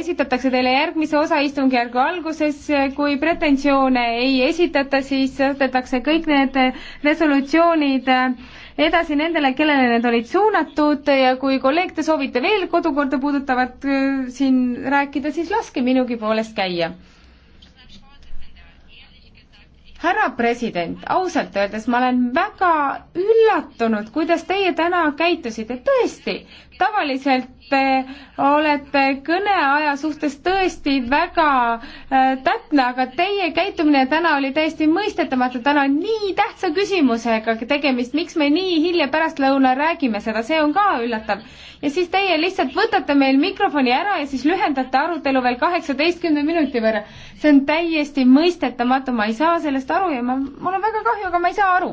esitatakse teile järgmise osa istungjärgu alguses, kui pretensioone ei esitata, siis tõstetakse kõik need resolutsioonid edasi nendele, kellele need olid suunatud ja kui kolleeg, te soovite veel kodukorda puudutavat äh, siin rääkida, siis laske minugi poolest käia. härra president, ausalt öeldes ma olen väga üll-, üllatunud, kuidas teie täna käitusite, tõesti, tavaliselt te eh, olete kõneaja suhtes tõesti väga äh, täpne, aga teie käitumine täna oli täiesti mõistetamatu, täna on nii tähtsa küsimusega tegemist, miks me nii hilja pärastlõunal räägime seda, see on ka üllatav. ja siis teie lihtsalt võtate meil mikrofoni ära ja siis lühendate arutelu veel kaheksateistkümne minuti võrra. see on täiesti mõistetamatu, ma ei saa sellest aru ja ma, mul on väga kahju, aga ma ei saa aru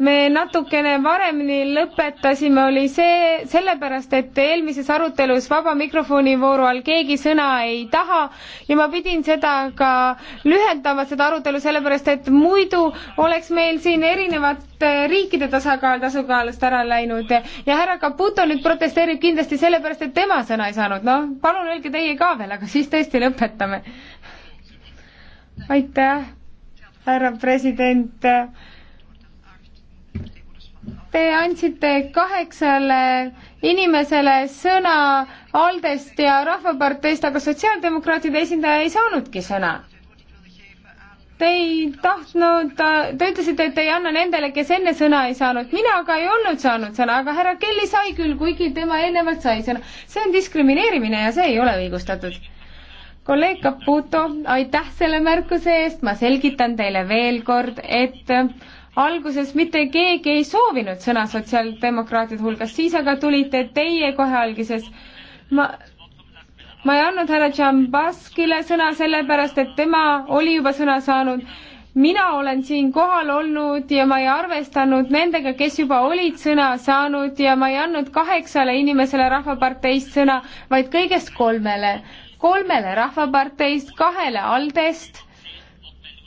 me natukene varemini lõpetasime, oli see sellepärast, et eelmises arutelus vaba mikrofoni vooru all keegi sõna ei taha ja ma pidin seda ka lühendama, seda arutelu, sellepärast et muidu oleks meil siin erinevate riikide tasakaal tasakaalust ära läinud ja härra Caputo nüüd protesteerib kindlasti sellepärast, et tema sõna ei saanud, noh, palun öelge teie ka veel, aga siis tõesti lõpetame. aitäh, härra president Te andsite kaheksale inimesele sõna Aldest ja Rahvaparteist, aga sotsiaaldemokraatide esindaja ei saanudki sõna te ei tahtnud, te ütlesite, et ei anna nendele, kes enne sõna ei saanud, mina aga ei olnud saanud sõna, aga härra Kelly sai küll, kuigi tema eelnevalt sai sõna. see on diskrimineerimine ja see ei ole õigustatud. kolleeg Caputo, aitäh selle märkuse eest, ma selgitan teile veel kord, et alguses mitte keegi ei soovinud sõna sotsiaaldemokraatide hulgas, siis aga tulite teie kohe alguses. ma, ma ei andnud härra Džambaskile sõna sellepärast, et tema oli juba sõna saanud. mina olen siin kohal olnud ja ma ei arvestanud nendega, kes juba olid sõna saanud ja ma ei andnud kaheksale inimesele Rahvaparteist sõna, vaid kõigest kolmele. kolmele Rahvaparteist, kahele Aldest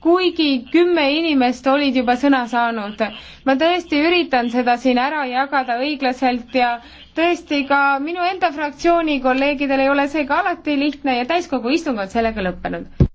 kuigi kümme inimest olid juba sõna saanud. ma tõesti üritan seda siin ära jagada õiglaselt ja tõesti ka minu enda fraktsiooni kolleegidel ei ole see ka alati lihtne ja täiskogu istung on sellega lõppenud.